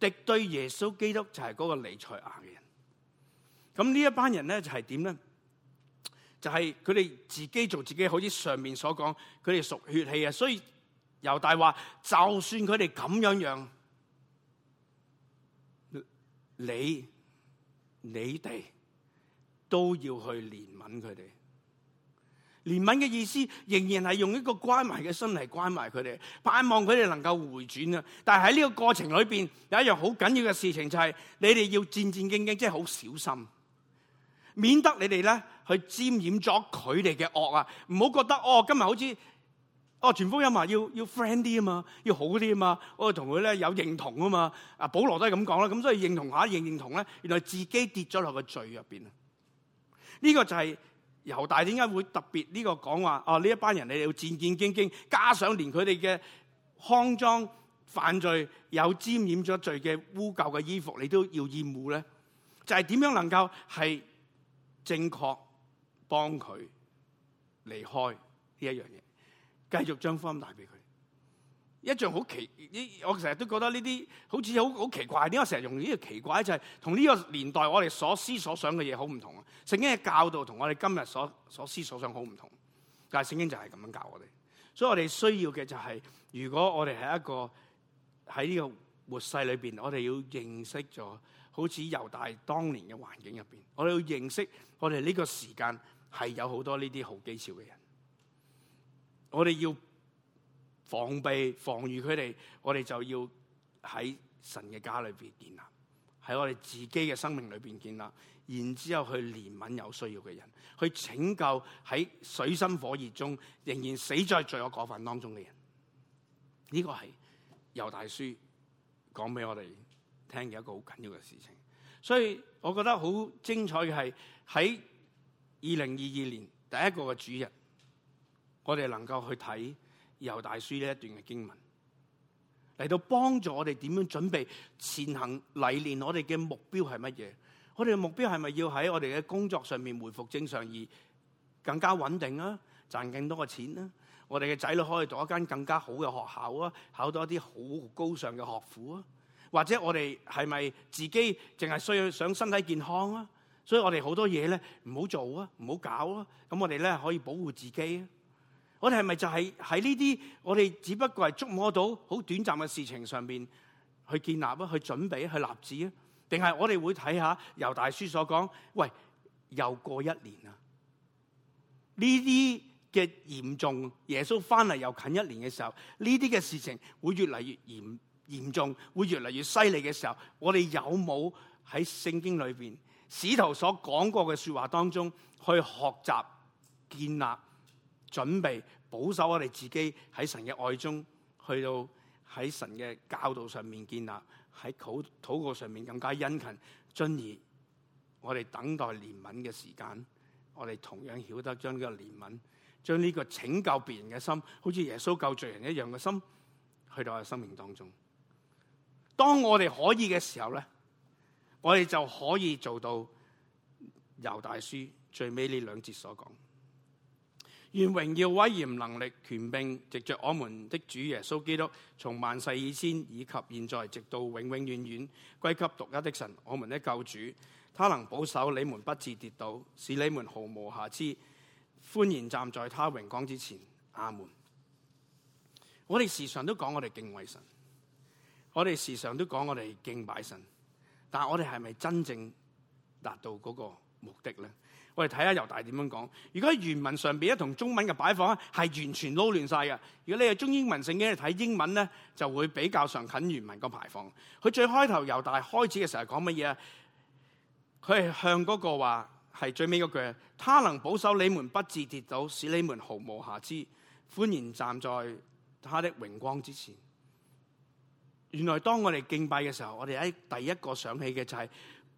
敵對耶穌基督就係嗰個彌賽亞嘅人。咁呢一班人咧就係點咧？就係佢哋自己做自己，好似上面所講，佢哋屬血氣啊。所以猶大話，就算佢哋咁樣樣，你你哋都要去憐憫佢哋。憐憫嘅意思，仍然係用一個關懷嘅心嚟關懷佢哋，盼望佢哋能夠回轉啊！但係喺呢個過程裏邊，有一樣好緊要嘅事情，就係你哋要戰戰兢兢，即係好小心，免得你哋咧去沾染咗佢哋嘅惡啊！唔好覺得哦，今日好似哦，傳福音啊，要要 friend 啲啊嘛，要好啲啊嘛，我同佢咧有認同啊嘛。啊，保羅都係咁講啦，咁所以認同下，認認同咧？原來自己跌咗落個罪入邊啊！呢個就係。猶大點解會特別呢個講話啊呢、哦、一班人你哋要戰戰兢兢，加上連佢哋嘅骯髒犯罪有沾染咗罪嘅污垢嘅衣服，你都要厭惡咧？就係、是、點樣能夠係正確幫佢離開呢一樣嘢，繼續將福音帶俾佢。一樣好奇，呢我成日都覺得呢啲好似好好奇怪。點解成日用呢個奇怪？就係同呢個年代我哋所思所想嘅嘢好唔同。聖經嘅教導同我哋今日所所思所想好唔同，但係聖經就係咁樣教我哋。所以我哋需要嘅就係、是，如果我哋係一個喺呢個末世裏邊，我哋要認識咗好似猶大當年嘅環境入邊，我哋要認識我哋呢個時間係有好多呢啲好譏誚嘅人，我哋要。防備防禦佢哋，我哋就要喺神嘅家裏邊建立，喺我哋自己嘅生命裏邊建立，然之後去憐憫有需要嘅人，去拯救喺水深火熱中仍然死在罪惡過犯當中嘅人。呢、這個係《猶大書》講俾我哋聽嘅一個好緊要嘅事情。所以我覺得好精彩嘅係喺二零二二年第一個嘅主日，我哋能夠去睇猶大書》呢一段嘅經文，嚟到幫助我哋點樣準備前行、理念我們的目標是什麼，我哋嘅目標係乜嘢？我哋嘅目標係咪要喺我哋嘅工作上面回復正常而更加穩定啊？賺更多嘅錢啊？我哋嘅仔女可以讀一間更加好嘅學校啊？考到一啲好高尚嘅學府啊？或者我哋係咪自己淨係需要想身體健康啊？所以我哋好多嘢咧唔好做啊，唔好搞啊，咁我哋咧可以保護自己啊。我哋係咪就係喺呢啲？我哋只不過係觸摸到好短暫嘅事情上邊去建立啊，去準備、啊，去立志啊？定係我哋會睇下，猶大書所講，喂，又過一年啦。呢啲嘅嚴重，耶穌翻嚟又近一年嘅時候，呢啲嘅事情會越嚟越嚴嚴重，會越嚟越犀利嘅時候，我哋有冇喺聖經裏邊使徒所講過嘅說話當中去學習建立？準備保守我哋自己喺神嘅愛中，去到喺神嘅教導上面建立，喺禱禱告上面更加殷勤，進而我哋等待憐憫嘅時間。我哋同樣曉得將呢個憐憫，將呢個拯救別人嘅心，好似耶穌救罪人一樣嘅心，去到我嘅生命當中。當我哋可以嘅時候咧，我哋就可以做到猶大書最尾呢兩節所講。願榮耀、威嚴、能力、權柄，藉着我們的主耶穌基督，從萬世以先以及現在，直到永永遠遠，歸給獨一的神，我們的救主。他能保守你們不致跌倒，使你們毫無瑕疵，歡然站在他榮光之前。阿門。我哋時常都講我哋敬畏神，我哋時常都講我哋敬拜神，但係我哋係咪真正達到嗰個目的呢？我哋睇下猶大點樣講。如果喺原文上邊咧，同中文嘅擺放係完全撈亂晒嘅。如果你係中英文聖經，嚟睇英文咧，就會比較接近原文個排放。佢最開頭猶大開始嘅時候講乜嘢啊？佢係向嗰個話係最尾嗰句，他能保守你們不至跌倒，使你們毫無瑕疵，歡迎站在他的榮光之前。原來當我哋敬拜嘅時候，我哋喺第一個想起嘅就係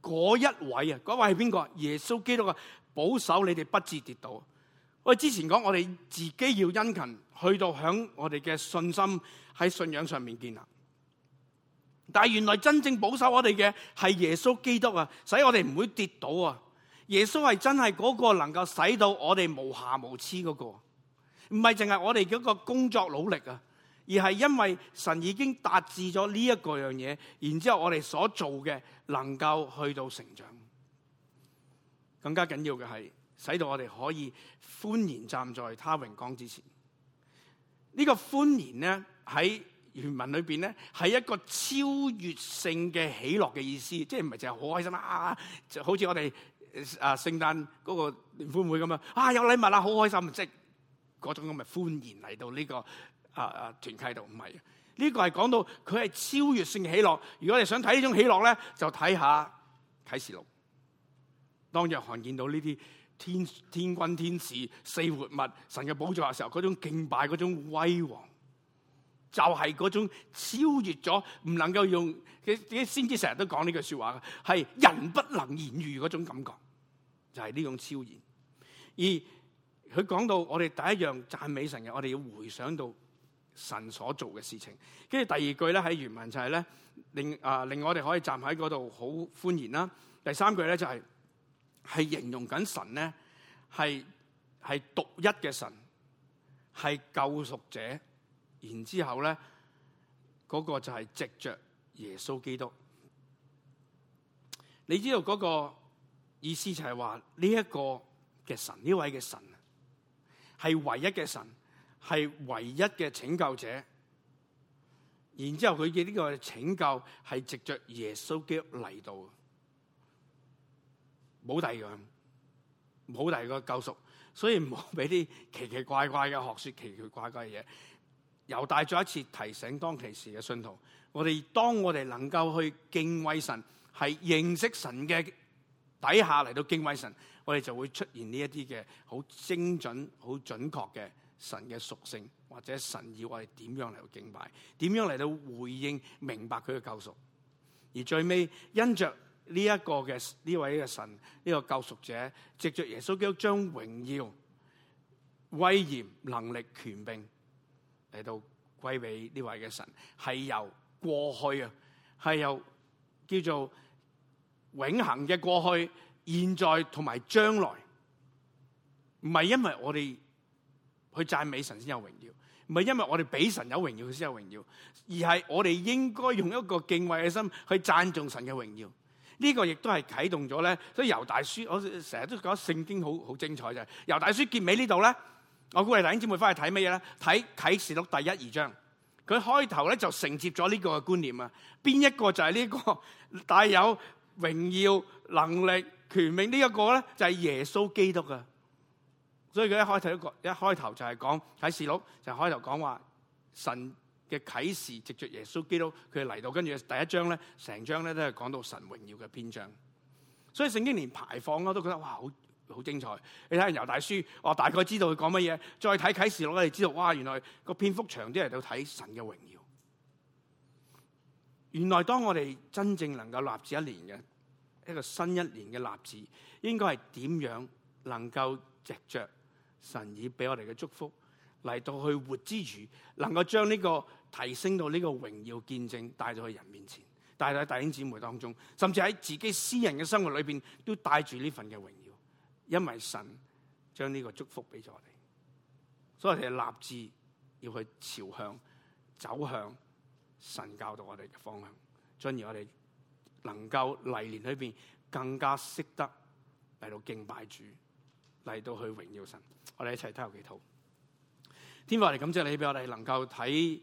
嗰一位啊，嗰位係邊個？耶穌基督啊！保守你哋不至跌倒。我哋之前講，我哋自己要殷勤，去到響我哋嘅信心喺信仰上面建立。但係原來真正保守我哋嘅係耶穌基督啊，使我哋唔會跌倒啊！耶穌係真係嗰個能夠使到我哋無瑕無疵嗰個，唔係淨係我哋嗰個工作努力啊，而係因為神已經達至咗呢一個樣嘢，然之後我哋所做嘅能夠去到成長。更加緊要嘅係使到我哋可以歡然站在他榮光之前。呢個歡然咧喺原文裏邊咧係一個超越性嘅喜樂嘅意思，即係唔係淨係好開心啦、啊，就好似我哋啊聖誕嗰個聯歡會咁樣啊有禮物啦，好開心，即係嗰種咁嘅歡然嚟到呢個啊啊團契度，唔係啊呢個係講到佢係超越性嘅喜樂，如果你想睇呢種喜樂咧，就睇下啟示錄。當約翰見到呢啲天天君天使四活物神嘅寶座嘅時候，嗰種敬拜，嗰種威煌，就係、是、嗰種超越咗，唔能夠用佢先至成日都講呢句說話嘅，係人不能言喻嗰種感覺，就係、是、呢種超然。而佢講到我哋第一樣讚美神嘅，我哋要回想到神所做嘅事情。跟住第二句咧喺原文就係、是、咧令啊、呃、令我哋可以站喺嗰度好歡迎啦。第三句咧就係、是。係形容緊神咧，係係獨一嘅神，係救贖者，然之後咧，嗰、那個就係藉着耶穌基督。你知道嗰個意思就係話呢一個嘅神，呢位嘅神係唯一嘅神，係唯一嘅拯救者。然之後佢嘅呢個拯救係藉着耶穌基督嚟到。冇第二個，冇第二個救贖，所以唔好俾啲奇奇怪怪嘅學說，奇奇怪怪嘅嘢。又帶咗一次提醒，當其時嘅信徒，我哋當我哋能夠去敬畏神，係認識神嘅底下嚟到敬畏神，我哋就會出現呢一啲嘅好精準、好準確嘅神嘅屬性，或者神要我哋點樣嚟到敬拜，點樣嚟到回應，明白佢嘅救贖。而最尾因着。呢一個嘅，呢位嘅神，呢個救贖者，藉着耶穌基督將榮耀、威嚴、能力、權柄嚟到歸俾呢位嘅神，係由過去啊，係由叫做永恒嘅過去、現在同埋將來，唔係因為我哋去讚美神先有榮耀，唔係因為我哋俾神有榮耀佢先有榮耀，而係我哋應該用一個敬畏嘅心去讚頌神嘅榮耀。呢、這個亦都係啟動咗咧，所以猶大書，我成日都覺得聖經好好精彩就係猶大書，結尾呢度咧，我估係弟兄姊妹翻去睇乜嘢咧？睇啟示錄第一二章，佢開頭咧就承接咗呢個觀念啊！邊一個就係呢、這個帶有榮耀能力權柄呢一個咧？就係耶穌基督啊！所以佢一開頭一個一開頭就係講啟示錄就開頭講話神。嘅啟示，藉着耶穌基督，佢嚟到，跟住第一章咧，成章咧都係講到神榮耀嘅篇章。所以聖經連排放啦都覺得哇，好好精彩。你睇《猶大書》，我大概知道佢講乜嘢，再睇啟示錄，我哋知道，哇，原來個篇幅長啲，嚟到睇神嘅榮耀。原來當我哋真正能夠立志一年嘅一個新一年嘅立志，應該係點樣能夠藉着神已俾我哋嘅祝福嚟到去活之餘，能夠將呢、這個。提升到呢個榮耀見證，帶到去人面前，帶到喺弟兄姊妹當中，甚至喺自己私人嘅生活裏邊，都帶住呢份嘅榮耀，因為神將呢個祝福俾咗我哋，所以我哋立志要去朝向，走向神教導我哋嘅方向，進而我哋能夠嚟年裏邊更加識得嚟到敬拜主，嚟到去榮耀神。我哋一齊低頭祈禱。天父，我哋感謝你，俾我哋能夠喺。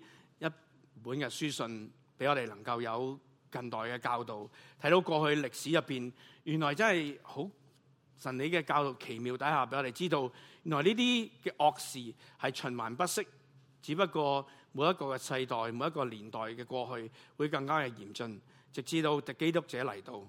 本嘅書信俾我哋能夠有近代嘅教導，睇到過去歷史入邊，原來真係好神理嘅教導奇妙底下，俾我哋知道，原來呢啲嘅惡事係循環不息，只不過每一個嘅世代、每一個年代嘅過去會更加嘅嚴峻，直至到敵基督者嚟到。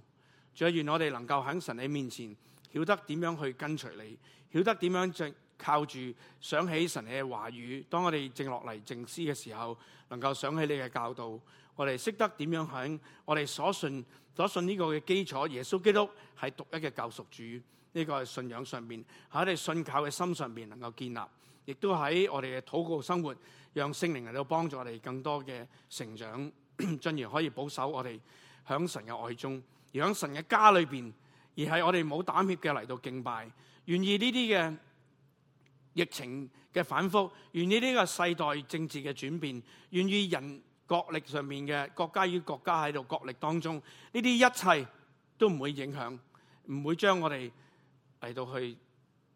主啊，願我哋能夠喺神理面前曉得點樣去跟隨你，曉得點樣正。靠住想起神嘅話語，當我哋靜落嚟靜思嘅時候，能夠想起你嘅教導，我哋識得點樣響我哋所信所信呢個嘅基礎。耶穌基督係獨一嘅救贖主，呢個係信仰上邊喺我哋信靠嘅心上邊能夠建立，亦都喺我哋嘅禱告生活，讓聖靈嚟到幫助我哋更多嘅成長咳咳，進而可以保守我哋響神嘅愛中，而響神嘅家裏邊，而係我哋冇膽怯嘅嚟到敬拜，願意呢啲嘅。疫情嘅反覆，源於呢個世代政治嘅轉變，源於人國力上面嘅國家與國家喺度國力當中，呢啲一切都唔會影響，唔會將我哋嚟到去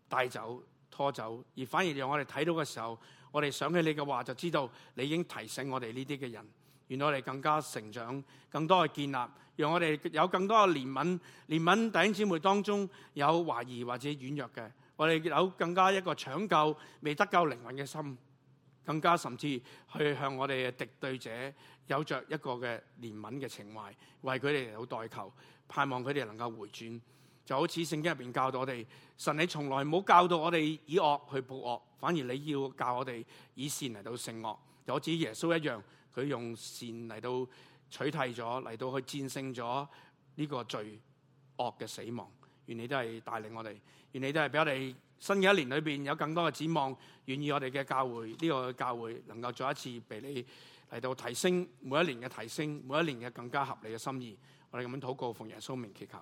帶走、拖走，而反而讓我哋睇到嘅時候，我哋想起你嘅話，就知道你已經提醒我哋呢啲嘅人，讓我哋更加成長、更多嘅建立，讓我哋有更多嘅憐憫，憐憫弟兄姊妹當中有懷疑或者軟弱嘅。我哋有更加一個搶救未得救靈魂嘅心，更加甚至去向我哋嘅敵對者有着一個嘅憐憫嘅情懷，為佢哋嚟到代求，盼望佢哋能夠回轉。就好似聖經入面教導我哋，神你從來冇教導我哋以惡去報惡，反而你要教我哋以善嚟到勝惡。就好似耶穌一樣，佢用善嚟到取替咗，嚟到去戰勝咗呢個罪惡嘅死亡。原嚟都係帶領我哋。願你都係俾我哋新嘅一年裏邊有更多嘅展望，願意我哋嘅教會呢個教會能夠再一次被你嚟到提升，每一年嘅提升，每一年嘅更加合你嘅心意，我哋咁樣禱告，奉耶穌名祈求。